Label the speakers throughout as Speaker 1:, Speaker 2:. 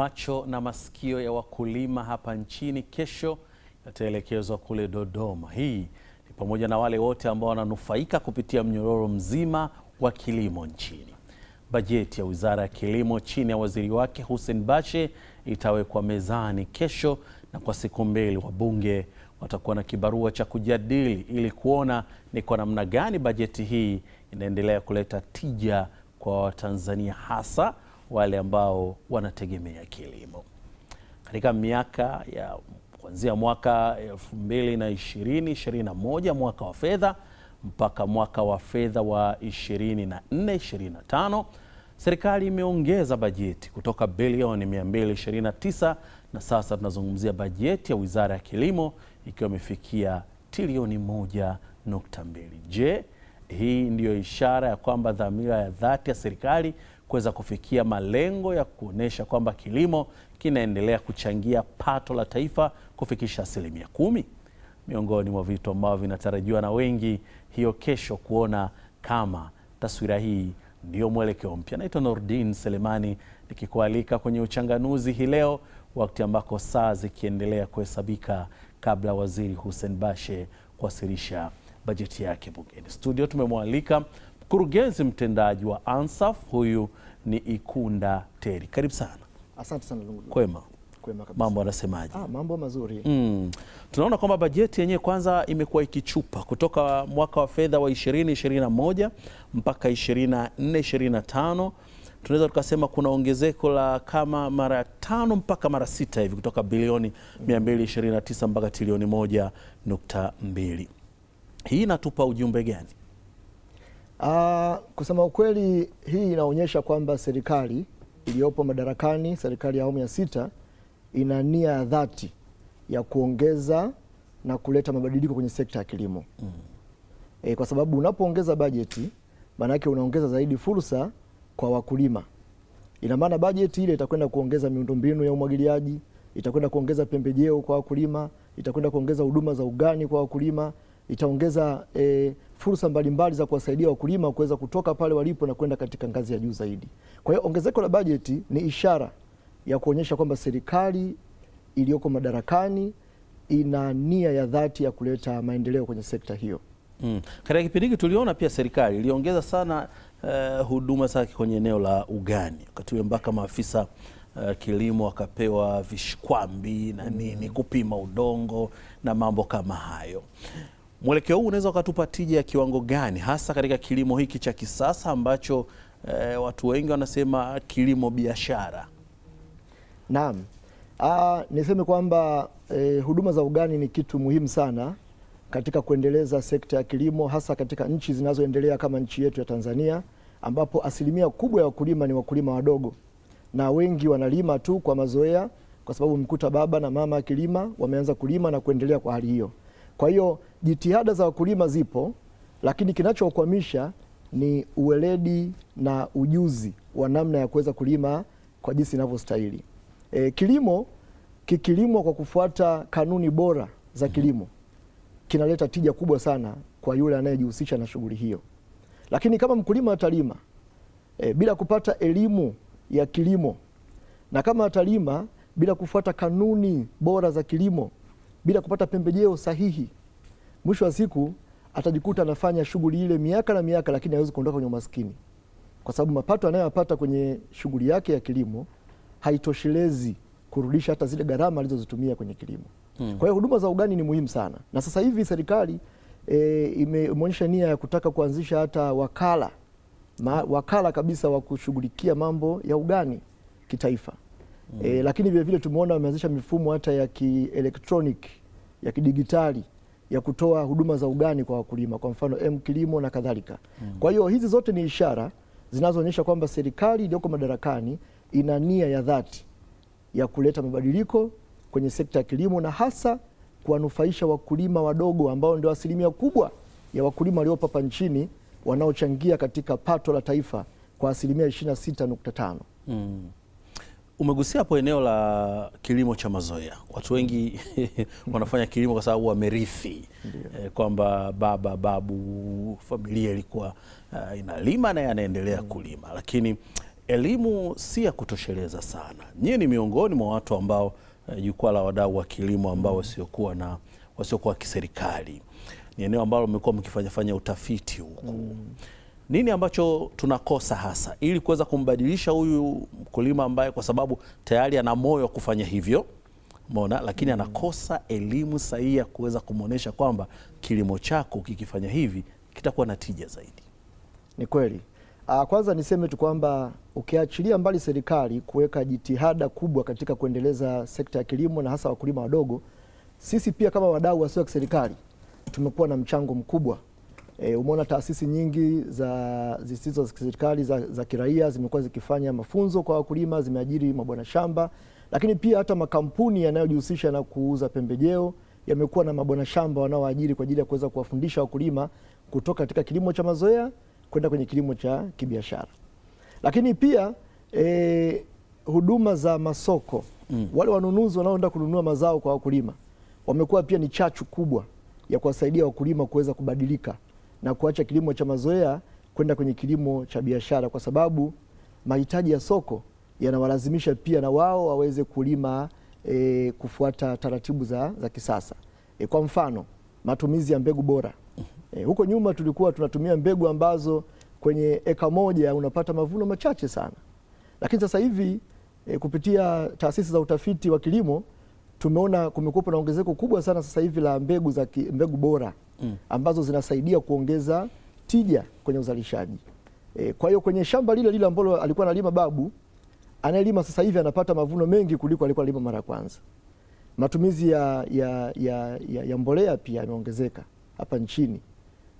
Speaker 1: Macho na masikio ya wakulima hapa nchini kesho yataelekezwa kule Dodoma. Hii ni pamoja na wale wote ambao wananufaika kupitia mnyororo mzima wa kilimo nchini. Bajeti ya Wizara ya Kilimo chini ya waziri wake Hussein Bashe itawekwa mezani kesho, na kwa siku mbili wabunge watakuwa na kibarua cha kujadili ili kuona ni kwa namna gani bajeti hii inaendelea kuleta tija kwa Watanzania hasa wale ambao wanategemea kilimo. Katika miaka ya kuanzia mwaka 2221 mwaka wa fedha mpaka mwaka wa fedha wa 24 25 serikali imeongeza bajeti kutoka bilioni 229 na sasa tunazungumzia bajeti ya Wizara ya Kilimo ikiwa imefikia trilioni 1.2. Je, hii ndiyo ishara ya kwamba dhamira ya dhati ya serikali kuweza kufikia malengo ya kuonesha kwamba kilimo kinaendelea kuchangia pato la taifa kufikisha asilimia kumi, miongoni mwa vitu ambavyo vinatarajiwa na wengi hiyo kesho, kuona kama taswira hii ndio mwelekeo mpya. Naitwa Nordin Selemani nikikualika kwenye Uchanganuzi hii leo, wakati ambako saa zikiendelea kuhesabika kabla waziri Hussein Bashe kuwasilisha bajeti yake bungeni. Studio tumemwalika mkurugenzi mtendaji wa ANSAF, huyu ni Ikunda Teri. Karibu sana.
Speaker 2: Asante sana Lungu. Kwema. Kwema kabisa.
Speaker 1: Mambo anasemaje?
Speaker 2: Ah, mambo mazuri.
Speaker 1: Mm. Tunaona kwamba bajeti yenyewe kwanza imekuwa ikichupa kutoka mwaka wa fedha wa 2021 mpaka 24 25 tunaweza tukasema kuna ongezeko la kama mara tano mpaka mara sita hivi kutoka bilioni 229 mpaka trilioni 1.2. Hii inatupa ujumbe gani?
Speaker 2: Uh, kusema ukweli hii inaonyesha kwamba serikali iliyopo madarakani, serikali ya awamu ya sita ina nia ya dhati ya kuongeza na kuleta mabadiliko kwenye sekta ya kilimo. Mm. E, kwa sababu unapoongeza bajeti maanake unaongeza zaidi fursa kwa wakulima. Ina maana bajeti ile itakwenda kuongeza miundombinu ya umwagiliaji, itakwenda kuongeza pembejeo kwa wakulima, itakwenda kuongeza huduma za ugani kwa wakulima itaongeza e, fursa mbalimbali za kuwasaidia wakulima kuweza kutoka pale walipo na kwenda katika ngazi ya juu zaidi. Kwa hiyo ongezeko la bajeti ni ishara ya kuonyesha kwamba serikali iliyoko madarakani ina nia ya dhati ya kuleta maendeleo kwenye sekta hiyo.
Speaker 1: Mm. Katika kipindi hiki tuliona pia serikali iliongeza sana uh, huduma zake kwenye eneo la ugani, wakati huo mpaka maafisa uh, kilimo wakapewa vishikwambi na nini mm, kupima udongo na mambo kama hayo. Mwelekeo huu unaweza ukatupa tija ya kiwango gani hasa katika kilimo hiki cha kisasa ambacho eh, watu wengi wanasema kilimo biashara?
Speaker 2: Naam. Aa, ah, niseme kwamba e, huduma za ugani ni kitu muhimu sana katika kuendeleza sekta ya kilimo hasa katika nchi zinazoendelea kama nchi yetu ya Tanzania ambapo asilimia kubwa ya wakulima ni wakulima wadogo na wengi wanalima tu kwa mazoea, kwa sababu mkuta baba na mama akilima, wameanza kulima na kuendelea kwa hali hiyo. Kwa hiyo jitihada za wakulima zipo, lakini kinachokwamisha ni uweledi na ujuzi wa namna ya kuweza kulima kwa jinsi inavyostahili. E, kilimo kikilimwa kwa kufuata kanuni bora za mhm. kilimo kinaleta tija kubwa sana kwa yule anayejihusisha na shughuli hiyo, lakini kama mkulima atalima e, bila kupata elimu ya kilimo na kama atalima bila kufuata kanuni bora za kilimo bila kupata pembejeo sahihi, mwisho wa siku atajikuta anafanya shughuli ile miaka na miaka, lakini hawezi kuondoka kwenye umaskini, kwa sababu mapato anayoyapata kwenye shughuli yake ya kilimo haitoshelezi kurudisha hata zile gharama alizozitumia kwenye kilimo. Hmm. Kwa hiyo huduma za ugani ni muhimu sana, na sasa hivi serikali e, imeonyesha nia ya kutaka kuanzisha hata wakala ma, wakala kabisa wa kushughulikia mambo ya ugani kitaifa mm. E, lakini vilevile tumeona wameanzisha mifumo hata ya kielektronik ya kidigitali ya kutoa huduma za ugani kwa wakulima, kwa mfano M Kilimo na kadhalika mm. Kwa hiyo hizi zote ni ishara zinazoonyesha kwamba serikali iliyoko madarakani ina nia ya dhati ya kuleta mabadiliko kwenye sekta ya kilimo na hasa kuwanufaisha wakulima wadogo ambao ndio asilimia kubwa ya wakulima waliopo hapa nchini wanaochangia katika pato la taifa kwa asilimia 26.5.
Speaker 1: Mm. Umegusia hapo eneo la kilimo cha mazoea. Watu wengi wanafanya kilimo kwa sababu wamerithi e, kwamba baba babu, familia ilikuwa uh, inalima naye anaendelea mm. kulima, lakini elimu si ya kutosheleza sana. Nyie ni miongoni mwa watu ambao eh, jukwaa uh, la wadau wa kilimo ambao mm. wasiokuwa na wasiokuwa kiserikali, ni eneo ambalo mmekuwa mkifanyafanya utafiti huku mm nini ambacho tunakosa hasa ili kuweza kumbadilisha huyu mkulima ambaye kwa sababu tayari ana moyo wa kufanya hivyo mona, lakini mm-hmm. anakosa elimu sahihi ya kuweza kumwonyesha kwamba kilimo chako kikifanya hivi kitakuwa na tija zaidi.
Speaker 2: Ni kweli. Ah, kwanza niseme tu kwamba ukiachilia mbali serikali kuweka jitihada kubwa katika kuendeleza sekta ya kilimo na hasa wakulima wadogo, sisi pia kama wadau wasio wa kiserikali tumekuwa na mchango mkubwa E, umeona taasisi nyingi za zisizo za serikali za, za kiraia zimekuwa zikifanya mafunzo kwa wakulima, zimeajiri mabwana shamba, lakini pia hata makampuni yanayojihusisha na kuuza pembejeo yamekuwa na mabwana shamba wanaoajiri kwa ajili ya kuweza kuwafundisha wakulima kutoka katika kilimo cha mazoea kwenda kwenye kilimo cha kibiashara. Lakini pia e, huduma za masoko mm. Wale wanunuzi wanaoenda kununua mazao kwa wakulima wamekuwa pia ni chachu kubwa ya kuwasaidia wakulima kuweza kubadilika na kuacha kilimo cha mazoea kwenda kwenye kilimo cha biashara, kwa sababu mahitaji ya soko yanawalazimisha pia na wao waweze kulima e, kufuata taratibu za, za kisasa e, kwa mfano matumizi ya mbegu bora e, huko nyuma tulikuwa tunatumia mbegu ambazo kwenye eka moja unapata mavuno machache sana, lakini sasa hivi e, kupitia taasisi za utafiti wa kilimo tumeona kumekuwa na ongezeko kubwa sana sasa hivi la mbegu za ki, mbegu bora mm. ambazo zinasaidia kuongeza tija kwenye uzalishaji e. Kwa hiyo kwenye shamba lile lile ambalo alikuwa analima babu, anayelima sasa hivi anapata mavuno mengi kuliko alikuwa alima mara ya kwanza. Matumizi ya, ya, ya, ya, ya mbolea pia yameongezeka hapa nchini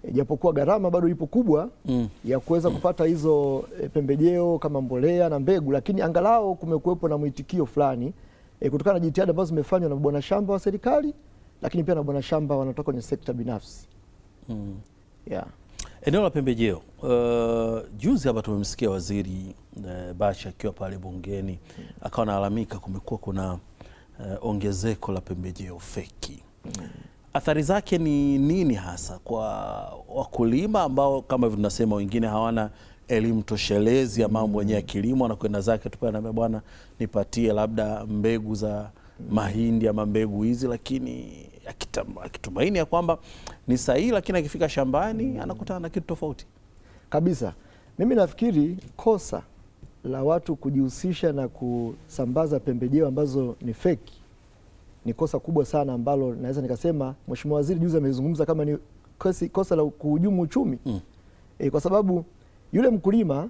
Speaker 2: e, japokuwa gharama bado ipo kubwa mm. ya kuweza mm. kupata hizo e, pembejeo kama mbolea na mbegu, lakini angalau kumekuwepo na mwitikio fulani e, kutokana na jitihada ambazo zimefanywa na bwana shamba wa serikali lakini pia na bwana shamba wanatoka kwenye sekta binafsi
Speaker 1: mm. yeah. Eneo la pembejeo uh, juzi hapa tumemsikia waziri uh, eh, Bashe akiwa pale bungeni mm. akawa analalamika kumekuwa kuna uh, ongezeko la pembejeo feki mm. Athari zake ni nini hasa kwa wakulima ambao kama hivyo tunasema wengine hawana elimu toshelezi ya mambo yenyewe ya kilimo, anakwenda zake tu pale anaambia bwana, nipatie labda mbegu za hmm. mahindi ama mbegu hizi, lakini akitumaini ya kwamba ni sahihi, lakini akifika shambani anakutana na kitu tofauti
Speaker 2: kabisa. Mimi nafikiri kosa la watu kujihusisha na kusambaza pembejeo ambazo ni feki ni kosa kubwa sana ambalo naweza nikasema Mheshimiwa Waziri juzi amezungumza kama ni kosi, kosa la kuhujumu uchumi mm. E, kwa sababu yule mkulima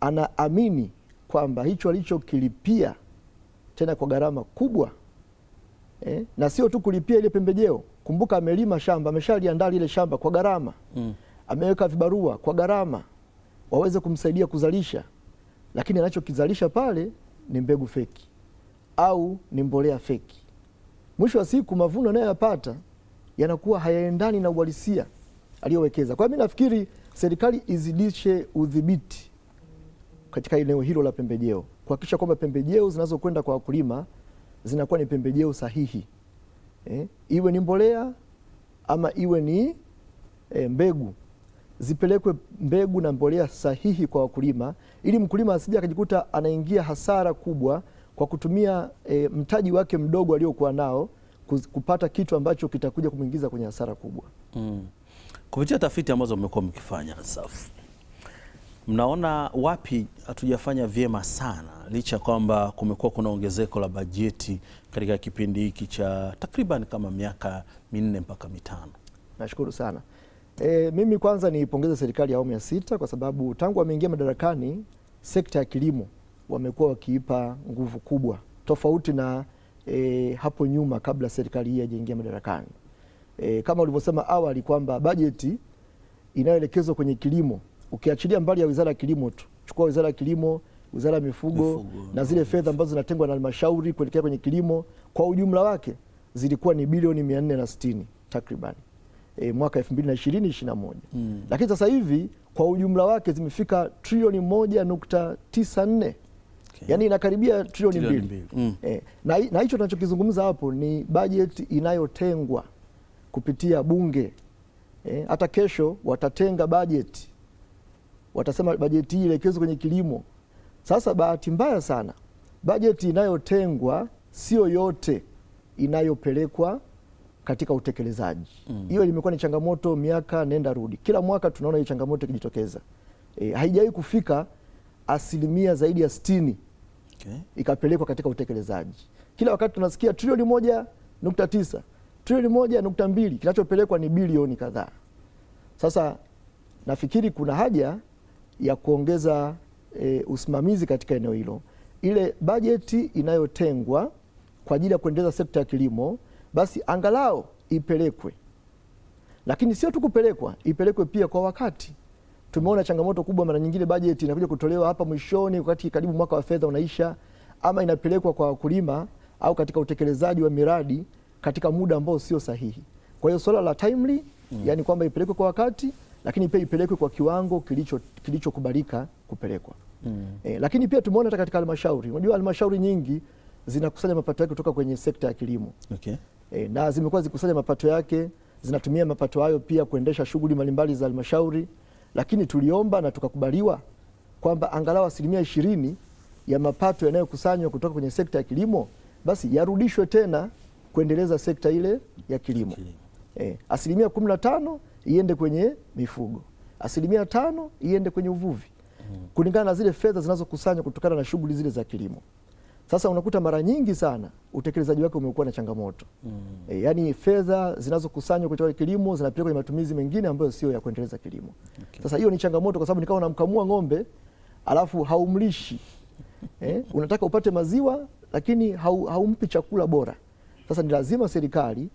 Speaker 2: anaamini kwamba hicho alichokilipia tena kwa gharama kubwa eh, na sio tu kulipia ile pembejeo. Kumbuka amelima shamba, ameshaliandaa ile shamba kwa gharama mm. ameweka vibarua kwa gharama, waweze kumsaidia kuzalisha, lakini anachokizalisha pale ni mbegu feki au ni mbolea feki. Mwisho wa siku mavuno anayoyapata yanakuwa hayaendani na uhalisia aliyowekeza. Kwa hiyo nafikiri serikali izidishe udhibiti katika eneo hilo la pembejeo, kuhakikisha kwamba pembejeo zinazokwenda kwa wakulima zinakuwa ni pembejeo sahihi eh, iwe ni mbolea ama iwe ni eh, mbegu zipelekwe mbegu na mbolea sahihi kwa wakulima, ili mkulima asije akajikuta anaingia hasara kubwa kwa kutumia e, mtaji wake mdogo aliokuwa nao kupata kitu ambacho kitakuja kumwingiza kwenye hasara kubwa.
Speaker 1: Mm. Kupitia tafiti ambazo mmekuwa mkifanya safu mnaona wapi hatujafanya vyema sana licha ya kwamba kumekuwa kuna ongezeko la bajeti katika kipindi hiki cha takriban kama miaka minne mpaka mitano?
Speaker 2: Nashukuru sana. E, mimi kwanza niipongeze serikali ya awamu ya sita kwa sababu tangu wameingia madarakani sekta ya kilimo wamekuwa wakiipa nguvu kubwa tofauti na e, hapo nyuma kabla serikali hii haijaingia madarakani. E, kama ulivyosema awali kwamba bajeti inayoelekezwa kwenye kilimo ukiachilia mbali ya wizara ya kilimo tu, chukua wizara ya kilimo, wizara ya mifugo, mifugo na zile fedha ambazo zinatengwa na halmashauri kuelekea kwenye kilimo kwa ujumla wake zilikuwa ni bilioni 460 takriban e, mwaka 2020 21 mm. Lakini sasa hivi kwa ujumla wake zimefika trilioni 1.94 okay. Yani inakaribia trilioni mbili mm. E, na hicho tunachokizungumza hapo ni bajeti inayotengwa kupitia bunge e, hata kesho watatenga bajeti watasema bajeti hii ilekezwe kwenye kilimo. Sasa bahati mbaya sana, bajeti inayotengwa sio yote inayopelekwa katika utekelezaji. Mm. Hiyo mm. limekuwa ni changamoto miaka nenda rudi, kila mwaka tunaona hii changamoto ikijitokeza. E, haijawahi kufika asilimia zaidi ya sitini okay. ikapelekwa katika utekelezaji. Kila wakati tunasikia trilioni moja nukta tisa trilioni moja nukta mbili kinachopelekwa ni bilioni kadhaa. Sasa nafikiri kuna haja ya kuongeza e, usimamizi katika eneo hilo. Ile bajeti inayotengwa kwa ajili ya kuendeleza sekta ya kilimo basi angalau ipelekwe, lakini sio tu kupelekwa, ipelekwe pia kwa wakati. Tumeona changamoto kubwa, mara nyingine bajeti inakuja kutolewa hapa mwishoni, wakati karibu mwaka wa fedha unaisha, ama inapelekwa kwa wakulima au katika utekelezaji wa miradi katika muda ambao sio sahihi. Kwa hiyo swala la timely, mm, yani kwamba ipelekwe kwa wakati lakini pia ipelekwe kwa kiwango kilichokubalika kilicho kupelekwa mm. E, lakini pia tumeona hata katika halmashauri, unajua halmashauri nyingi zinakusanya mapato yake kutoka kwenye sekta ya kilimo okay. E, na zimekuwa zikusanya mapato yake zinatumia mapato hayo pia kuendesha shughuli mbalimbali za halmashauri, lakini tuliomba na tukakubaliwa kwamba angalau asilimia ishirini ya mapato yanayokusanywa kutoka kwenye sekta ya kilimo basi yarudishwe tena kuendeleza sekta ile ya kilimo, okay. E, eh, asilimia kumi na tano iende kwenye mifugo, asilimia tano iende kwenye uvuvi mm. kulingana na zile fedha zinazokusanywa kutokana na shughuli zile za kilimo. Sasa unakuta mara nyingi sana utekelezaji wake umekuwa na changamoto mm. E, yaani fedha zinazokusanywa kutoka kilimo zinapelekwa kwenye matumizi mengine ambayo sio ya kuendeleza kilimo okay. Sasa hiyo ni changamoto, kwa sababu nikawa namkamua ng'ombe alafu haumlishi eh, unataka upate maziwa lakini haumpi hau chakula bora. Sasa ni lazima serikali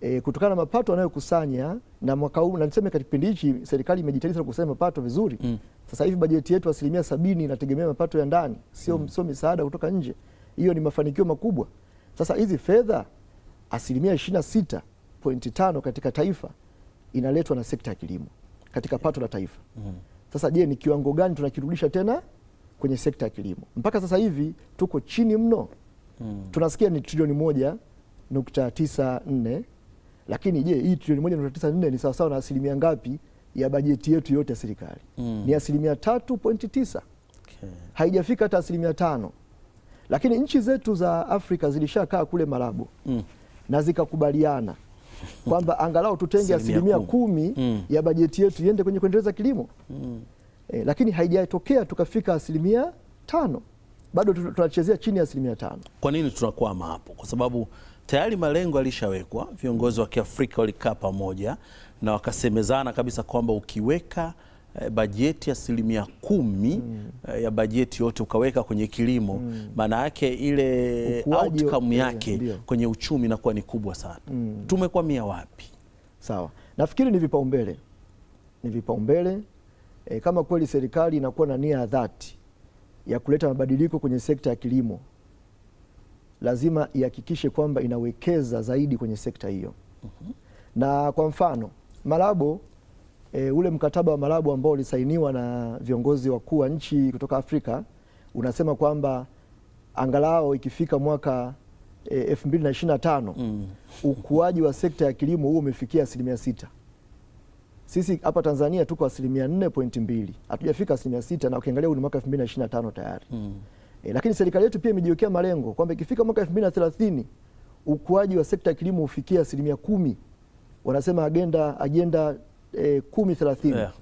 Speaker 2: e, kutokana na mapato anayokusanya na mwaka huu na niseme katika kipindi hichi serikali imejitahidi sana kusema mapato vizuri mm. Sasa hivi bajeti yetu asilimia sabini inategemea mapato ya ndani, sio mm. sio misaada kutoka nje. Hiyo ni mafanikio makubwa. Sasa hizi fedha asilimia ishirini na sita pointi tano katika taifa inaletwa na sekta ya kilimo katika pato la taifa mm. Sasa je, ni kiwango gani tunakirudisha tena kwenye sekta ya kilimo? Mpaka sasa hivi tuko chini mno mm. Tunasikia ni trilioni moja nukta tisa nne lakini je, hii trilioni moja nukta tisa nne ni sawasawa na asilimia ngapi ya bajeti yetu yote ya serikali? Mm. Ni asilimia tatu pointi tisa. Okay. Haijafika hata asilimia tano, lakini nchi zetu za Afrika zilishakaa kule marabu mm. na zikakubaliana kwamba angalau tutenge asilimia kumi mm. ya bajeti yetu iende kwenye kuendeleza kilimo mm. eh, lakini haijatokea tukafika asilimia tano, bado tunachezea chini ya asilimia tano.
Speaker 1: Kwa nini tunakwama hapo? Kwa sababu tayari malengo yalishawekwa. Viongozi wa Kiafrika walikaa pamoja na wakasemezana kabisa kwamba ukiweka eh, bajeti asilimia kumi mm. eh, ya bajeti yote ukaweka kwenye kilimo maana mm. yake ile Ukuwaji outcome yake ya, kwenye uchumi inakuwa ni kubwa sana mm. tumekwamia wapi?
Speaker 2: Sawa, nafikiri ni vipaumbele, ni vipaumbele e, kama kweli serikali inakuwa na nia ya dhati ya kuleta mabadiliko kwenye sekta ya kilimo lazima ihakikishe kwamba inawekeza zaidi kwenye sekta hiyo. mm -hmm. Na kwa mfano Malabo e, ule mkataba wa Malabo ambao ulisainiwa na viongozi wakuu wa nchi kutoka Afrika unasema kwamba angalau ikifika mwaka e, 2025 mm. ukuaji wa sekta ya kilimo huo umefikia asilimia sita. Sisi hapa Tanzania tuko asilimia 4.2, hatujafika asilimia sita, na ukiangalia huu ni mwaka 2025 tayari mm. E, lakini serikali yetu pia imejiwekea malengo kwamba ikifika mwaka 2030 ukuaji wa sekta ya kilimo ufikie asilimia kumi. Wanasema agenda agenda e, kumi thelathini yeah,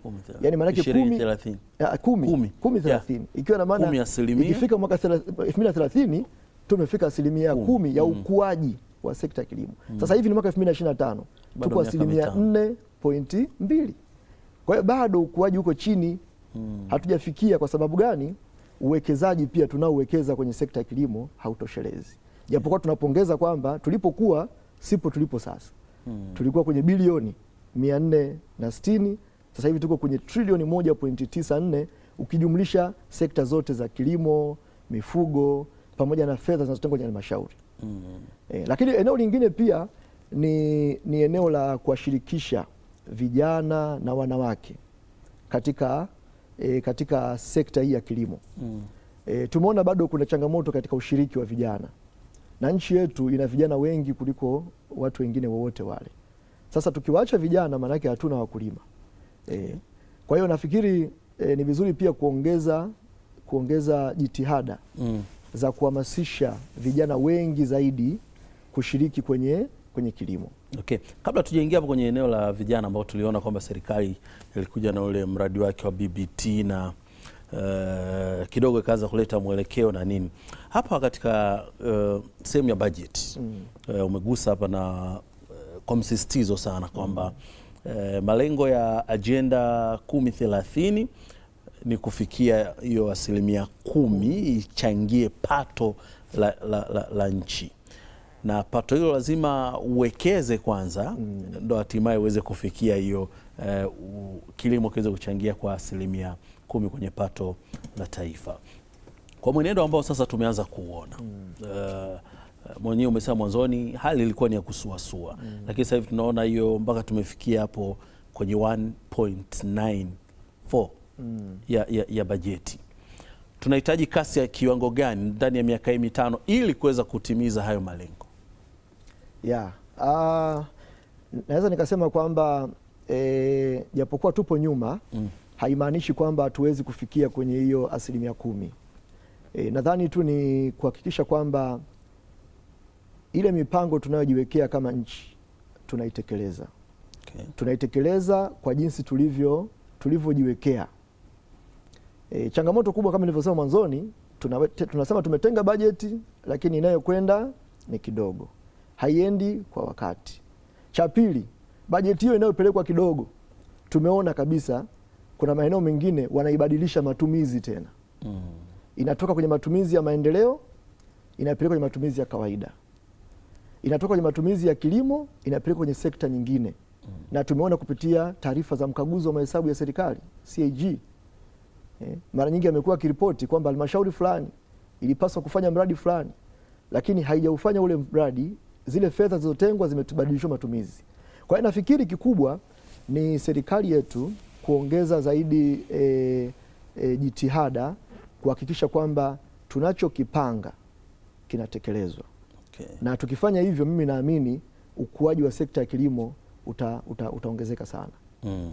Speaker 1: yaani maanake kumi thelathini
Speaker 2: ah, kumi kumi thelathini ikiwa na maana ikifika mwaka 2030 tumefika asilimia kumi ya mm. ukuaji wa sekta ya kilimo. mm. Sasa hivi ni mwaka 2025 tuko asilimia 4.2, kwa hiyo bado ukuaji uko chini, mm. hatujafikia. Kwa sababu gani? uwekezaji pia tunaowekeza kwenye sekta ya kilimo hautoshelezi, japokuwa tunapongeza kwamba tulipokuwa sipo tulipo sasa hmm. tulikuwa kwenye bilioni mia nne na sitini sasa hivi tuko kwenye trilioni moja pointi tisa nne ukijumlisha sekta zote za kilimo, mifugo pamoja na fedha zinazotengwa kwenye halmashauri Hmm. E, lakini eneo lingine pia ni, ni eneo la kuwashirikisha vijana na wanawake katika e, katika sekta hii ya kilimo mm. E, tumeona bado kuna changamoto katika ushiriki wa vijana na nchi yetu ina vijana wengi kuliko watu wengine wowote wale. Sasa tukiwaacha vijana, maanake hatuna wakulima e. Kwa hiyo nafikiri e, ni vizuri pia kuongeza kuongeza jitihada mm. za kuhamasisha vijana wengi zaidi kushiriki kwenye kwenye kilimo.
Speaker 1: Okay. Kabla tujaingia hapo kwenye eneo la vijana ambao tuliona kwamba serikali ilikuja na ule mradi wake wa BBT na uh, kidogo ikaanza kuleta mwelekeo na nini hapa katika uh, sehemu ya bajeti mm. Uh, umegusa hapa na uh, kwa msisitizo sana kwamba uh, malengo ya ajenda kumi thelathini ni kufikia hiyo asilimia kumi ichangie pato la, la, la, la nchi na pato hilo lazima uwekeze kwanza mm. ndo hatimaye uweze kufikia hiyo eh, kilimo kiweze kuchangia kwa asilimia kumi kwenye pato la taifa kwa mwenendo ambao sasa tumeanza kuuona mm. uh, mwenyewe umesema mwanzoni hali ilikuwa ni ya kusuasua mm. lakini sasa hivi tunaona hiyo mpaka tumefikia hapo kwenye 1.94 mm. ya, ya, ya bajeti tunahitaji kasi ya kiwango gani ndani ya miaka hii mitano ili kuweza kutimiza hayo malengo
Speaker 2: Yeah. Uh, naweza nikasema kwamba eh, japokuwa e, tupo nyuma mm. haimaanishi kwamba hatuwezi kufikia kwenye hiyo asilimia kumi. E, nadhani tu ni kuhakikisha kwamba ile mipango tunayojiwekea kama nchi tunaitekeleza. Okay. Tunaitekeleza kwa jinsi tulivyo tulivyojiwekea. E, changamoto kubwa kama nilivyosema mwanzoni, tunasema tumetenga bajeti lakini inayokwenda ni kidogo haiendi kwa wakati. Cha pili, bajeti hiyo inayopelekwa kidogo, tumeona kabisa kuna maeneo mengine wanaibadilisha matumizi tena mm. Inatoka kwenye matumizi ya maendeleo inapelekwa kwenye matumizi ya kawaida, inatoka kwenye matumizi ya kilimo inapelekwa kwenye sekta nyingine mm. Na tumeona kupitia taarifa za mkaguzi wa mahesabu ya serikali CAG, eh, mara nyingi amekuwa akiripoti kwamba halmashauri fulani ilipaswa kufanya mradi fulani, lakini haijaufanya ule mradi zile fedha zilizotengwa zimetubadilishwa matumizi. Kwa hiyo nafikiri kikubwa ni serikali yetu kuongeza zaidi e, e, jitihada kuhakikisha kwamba tunachokipanga kinatekelezwa. Okay. Na tukifanya hivyo, mimi naamini ukuaji wa sekta ya kilimo uta, uta, utaongezeka sana.
Speaker 1: Mm.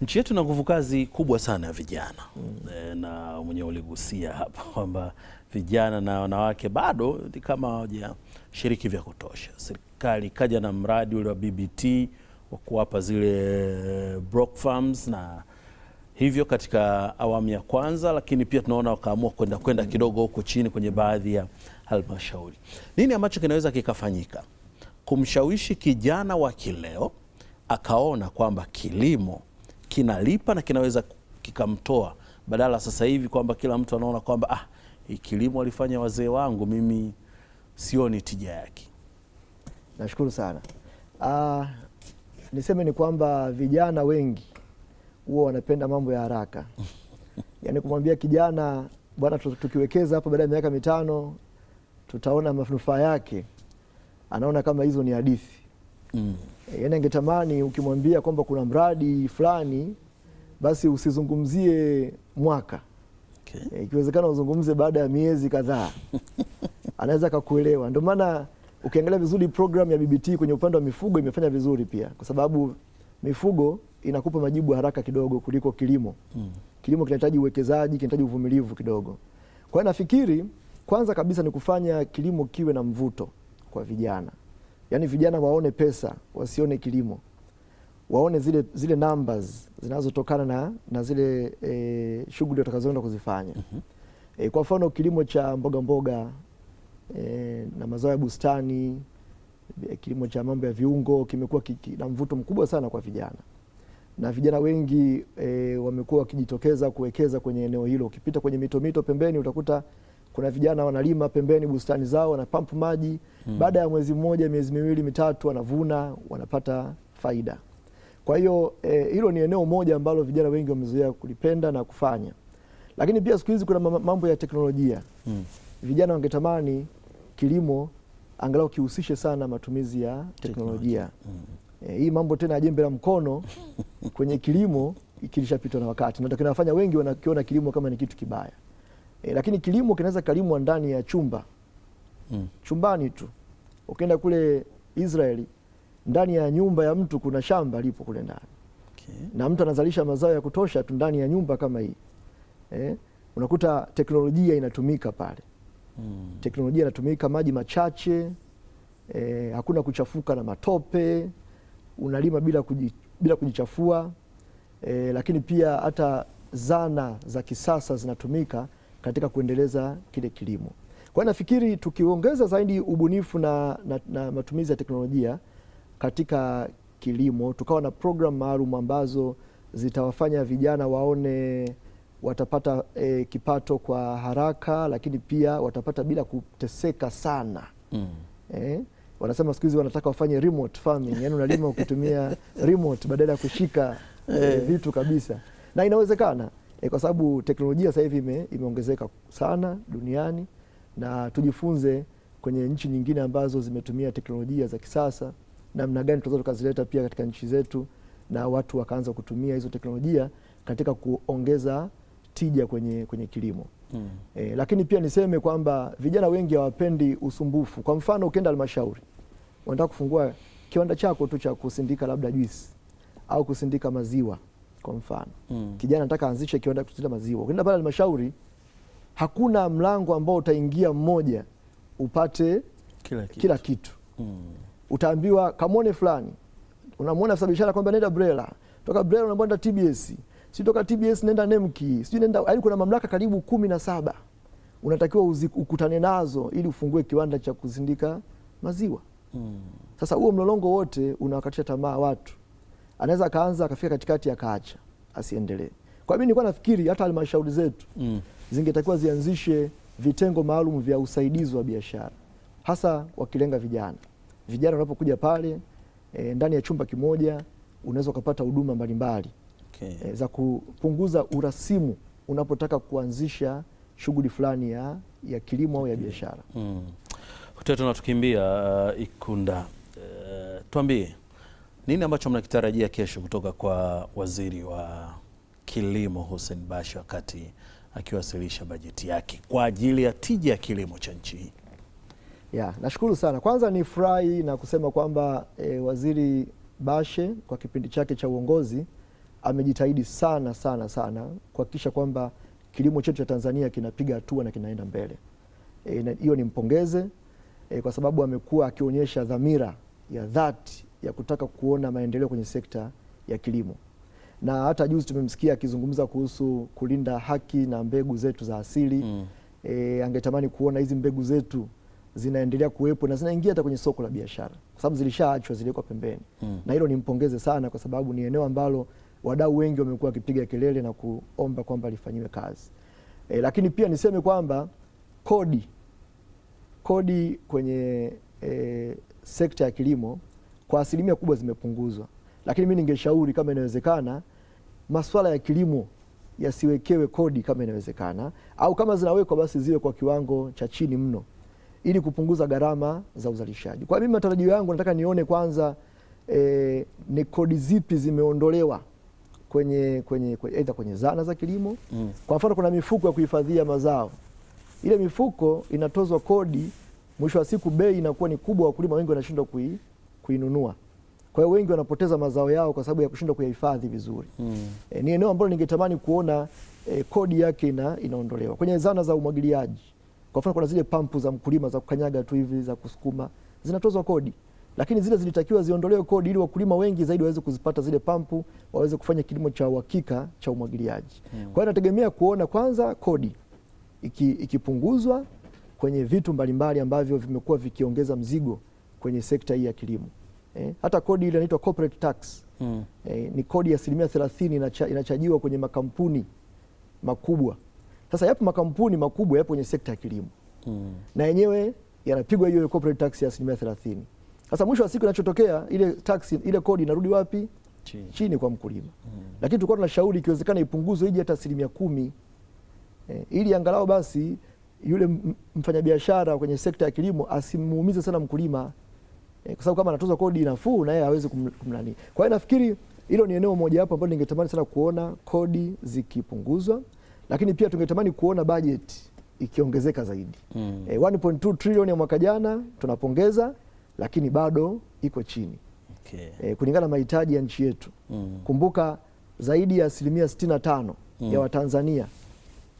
Speaker 1: Nchi yetu ina nguvu kazi kubwa sana ya vijana mm. na mwenyewe uligusia hapa kwamba vijana na wanawake bado ni kama hawajashiriki vya kutosha. Serikali ikaja na mradi ule wa BBT wa kuwapa zile e, block farms na hivyo katika awamu ya kwanza, lakini pia tunaona wakaamua kwenda kwenda mm. kidogo huko chini kwenye baadhi ya halmashauri. Nini ambacho kinaweza kikafanyika kumshawishi kijana wa kileo akaona kwamba kilimo kinalipa na kinaweza kikamtoa, badala sasa hivi kwamba kila mtu anaona kwamba ah, kilimo alifanya wazee wangu, mimi sioni tija yake.
Speaker 2: Nashukuru sana. Uh, niseme ni kwamba vijana wengi huwa wanapenda mambo ya haraka yaani kumwambia kijana bwana, tukiwekeza hapo baada ya miaka mitano tutaona manufaa yake, anaona kama hizo ni hadithi mm. Yaani angetamani ukimwambia kwamba kuna mradi fulani basi usizungumzie mwaka okay. Eh, ikiwezekana uzungumze baada ya miezi kadhaa anaweza akakuelewa. Ndio maana ukiangalia vizuri programu ya BBT kwenye upande wa mifugo imefanya vizuri pia, kwa sababu mifugo inakupa majibu haraka kidogo kuliko kilimo mm. Kilimo kinahitaji uwekezaji, kinahitaji uvumilivu kidogo. Kwa hiyo nafikiri kwanza kabisa ni kufanya kilimo kiwe na mvuto kwa vijana yani vijana waone pesa, wasione kilimo, waone zile, zile numbers zinazotokana na, na zile e, shughuli watakazoenda kuzifanya. mm -hmm. E, kwa mfano kilimo cha mboga mboga e, na mazao ya bustani e, kilimo cha mambo ya viungo kimekuwa na mvuto mkubwa sana kwa vijana na vijana wengi e, wamekuwa wakijitokeza kuwekeza kwenye eneo hilo. Ukipita kwenye mitomito mito pembeni utakuta kuna vijana wanalima pembeni bustani zao wanapampu maji hmm. Baada ya mwezi mmoja miezi miwili mitatu wanavuna wanapata faida. Kwa hiyo eh, hilo eh, ni eneo moja ambalo vijana wengi wamezoea kulipenda na kufanya, lakini pia siku hizi kuna mambo ya teknolojia hmm. Vijana wangetamani kilimo angalau kihusishe sana matumizi ya teknolojia, Hmm. Eh, hii mambo tena ya jembe la mkono kwenye kilimo kilishapitwa na wakati, na ndio wengi wanakiona kilimo kama ni kitu kibaya. E, lakini kilimo kinaweza kalimwa ndani ya chumba mm. chumbani tu. Ukienda kule Israeli ndani ya nyumba ya mtu kuna shamba lipo kule ndani okay. na mtu anazalisha mazao ya kutosha tu ndani ya nyumba kama hii e, unakuta teknolojia inatumika pale mm. teknolojia inatumika, maji machache e, hakuna kuchafuka na matope, unalima bila, kuji, bila kujichafua e, lakini pia hata zana za kisasa zinatumika katika kuendeleza kile kilimo. Kwa hiyo nafikiri tukiongeza zaidi ubunifu na, na, na matumizi ya teknolojia katika kilimo, tukawa na programu maalum ambazo zitawafanya vijana waone watapata e, kipato kwa haraka, lakini pia watapata bila kuteseka sana mm. e? wanasema siku hizi wanataka wafanye remote farming, yani unalima ukitumia remote badala ya kushika e, eh. vitu kabisa, na inawezekana e, kwa sababu teknolojia sasa hivi ime, imeongezeka sana duniani na tujifunze kwenye nchi nyingine ambazo zimetumia teknolojia za kisasa, namna gani tunaweza tukazileta pia katika nchi zetu na watu wakaanza kutumia hizo teknolojia katika kuongeza tija kwenye, kwenye kilimo hmm. E, lakini pia niseme kwamba vijana wengi hawapendi usumbufu. Kwa mfano ukienda halmashauri, unataka kufungua kiwanda chako tu cha kusindika labda juisi au kusindika maziwa kwa mfano mm. kijana anataka anzishe kiwanda kuuza maziwa, ukienda pale halmashauri hakuna mlango ambao utaingia mmoja upate kila kitu, kila kitu. Mm. Utaambiwa kamwone fulani, unamwona afisa biashara kwamba nenda Brela, toka Brela unaambiwa nenda TBS, si toka TBS nenda Nemki, sijui nenda, yaani kuna mamlaka karibu kumi na saba unatakiwa ukutane nazo ili ufungue kiwanda cha kusindika maziwa mm. Sasa huo mlolongo wote unawakatisha tamaa watu anaweza akaanza akafika katikati akaacha asiendelee. Kwa mimi nilikuwa nafikiri hata halmashauri zetu mm. zingetakiwa zianzishe vitengo maalum vya usaidizi wa biashara, hasa wakilenga vijana. Vijana wanapokuja pale e, ndani ya chumba kimoja unaweza ukapata huduma mbalimbali okay. e, za kupunguza urasimu unapotaka kuanzisha shughuli fulani ya, ya kilimo au ya biashara
Speaker 1: mm. Tuna tunatukimbia uh, Ikunda uh, tuambie nini ambacho mnakitarajia kesho kutoka kwa waziri wa kilimo Hussein Bashe wakati akiwasilisha bajeti yake kwa ajili ya tija ya kilimo cha nchi hii?
Speaker 2: Ya, nashukuru sana. Kwanza ni furahi na kusema kwamba e, waziri Bashe kwa kipindi chake cha uongozi amejitahidi sana sana sana kuhakikisha kwamba kilimo chetu cha Tanzania kinapiga hatua na kinaenda mbele. E, hiyo e, nimpongeze e, kwa sababu amekuwa akionyesha dhamira ya dhati ya kutaka kuona maendeleo kwenye sekta ya kilimo, na hata juzi tumemsikia akizungumza kuhusu kulinda haki na mbegu zetu za asili mm. E, angetamani kuona hizi mbegu zetu zinaendelea kuwepo na zinaingia hata kwenye soko la biashara kwa sababu zilishaachwa, ziliwekwa pembeni mm. na hilo nimpongeze sana, kwa sababu ni eneo ambalo wadau wengi wamekuwa wakipiga kelele na kuomba kwamba lifanyiwe kazi e, lakini pia niseme kwamba kodi kodi kwenye e, sekta ya kilimo kwa asilimia kubwa zimepunguzwa, lakini mi ningeshauri kama inawezekana maswala ya kilimo yasiwekewe kodi kama inawezekana, au kama zinawekwa basi ziwe kwa kiwango cha chini mno, ili kupunguza gharama za uzalishaji. Kwa mimi matarajio yangu nataka nione kwanza e, ni kodi zipi zimeondolewa kwenye kwenye aidha kwenye zana za kilimo mm. Kwa mfano kuna mifuko ya kuhifadhia mazao, ile mifuko inatozwa kodi, mwisho wa siku bei inakuwa ni kubwa, wakulima wengi wanashindwa kui kuinunua. Kwa hiyo wengi wanapoteza mazao yao kwa sababu ya kushindwa kuyahifadhi vizuri. Mm. E, ni eneo ambalo ningetamani kuona e, kodi yake ina, inaondolewa. Kwenye zana za umwagiliaji. Kwa mfano kuna zile pampu za mkulima za kukanyaga tu hivi za kusukuma zinatozwa kodi. Lakini zile zilitakiwa ziondolewe kodi ili wakulima wengi zaidi waweze kuzipata zile pampu, waweze kufanya kilimo cha uhakika cha umwagiliaji. Mm. Kwa hiyo nategemea kuona kwanza kodi ikipunguzwa iki kwenye vitu mbalimbali ambavyo vimekuwa vikiongeza mzigo kwenye sekta hii ya kilimo eh, hata kodi ile inaitwa corporate tax mm. eh, ni kodi ya asilimia thelathini inacha, inachajiwa kwenye makampuni makubwa. Sasa yapo makampuni makubwa yapo kwenye sekta ya kilimo mm. na yenyewe yanapigwa hiyo corporate tax ya asilimia thelathini. Sasa mwisho wa siku inachotokea ile tax, ile kodi inarudi wapi? Chini, chini kwa mkulima mm. Lakini tulikuwa tunashauri ikiwezekana ipunguzwe ije hata asilimia kumi eh, ili angalau basi yule mfanyabiashara kwenye sekta ya kilimo asimuumize sana mkulima eh, kwa sababu kama anatoza kodi nafuu na yeye hawezi kumlani. Kwa hiyo nafikiri hilo ni eneo moja hapo ambalo ningetamani sana kuona kodi zikipunguzwa, lakini pia tungetamani kuona bajeti ikiongezeka zaidi mm. E, eh, 1.2 trilioni ya mwaka jana tunapongeza, lakini bado iko chini okay. E, kulingana na mahitaji ya nchi yetu mm. Kumbuka zaidi ya asilimia 65 mm. ya Watanzania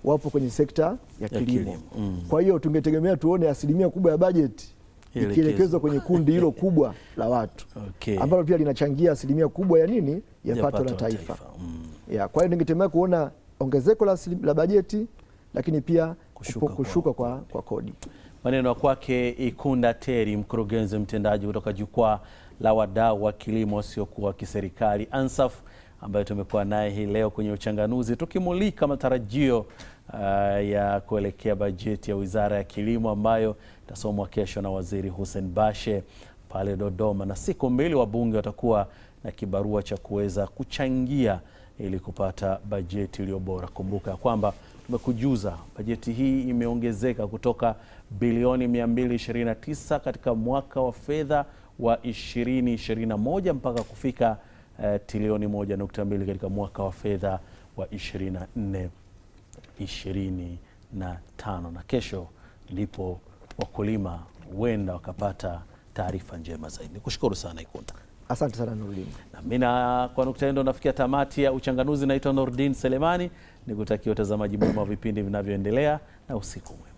Speaker 2: wapo kwenye sekta ya kilimo mm. Kwa hiyo tungetegemea tuone asilimia kubwa ya bajeti ikielekezwa kwenye kundi hilo kubwa la watu okay, ambalo pia linachangia asilimia kubwa ya nini ya pato la taifa mm. kwa hiyo ningetemea kuona ongezeko la, la bajeti lakini pia kushuka, kushuka kwa, kwa, kwa kodi.
Speaker 1: Maneno ya kwake Ikunda Teri, mkurugenzi mtendaji kutoka jukwaa la wadau wa kilimo wasiokuwa kiserikali ANSAF, ambayo tumekuwa naye hii leo kwenye uchanganuzi tukimulika matarajio uh, ya kuelekea bajeti ya Wizara ya Kilimo ambayo itasomwa kesho na Waziri Hussein Bashe pale Dodoma, na siku mbili wabunge watakuwa na kibarua cha kuweza kuchangia ili kupata bajeti iliyo bora. Kumbuka ya kwamba tumekujuza bajeti hii imeongezeka kutoka bilioni 229 katika mwaka wa fedha wa 2021 mpaka kufika uh, trilioni 1.2 katika mwaka wa fedha wa 24 25, na kesho ndipo wakulima huenda wakapata taarifa njema zaidi. Nikushukuru sana Ikunda.
Speaker 2: Asante sana Nurdin.
Speaker 1: Na mimi kwa nukta hiyo nafikia tamati ya uchanganuzi. Naitwa Nurdin Selemani, nikutakia utazamaji mwema wa vipindi vinavyoendelea na usiku mwema.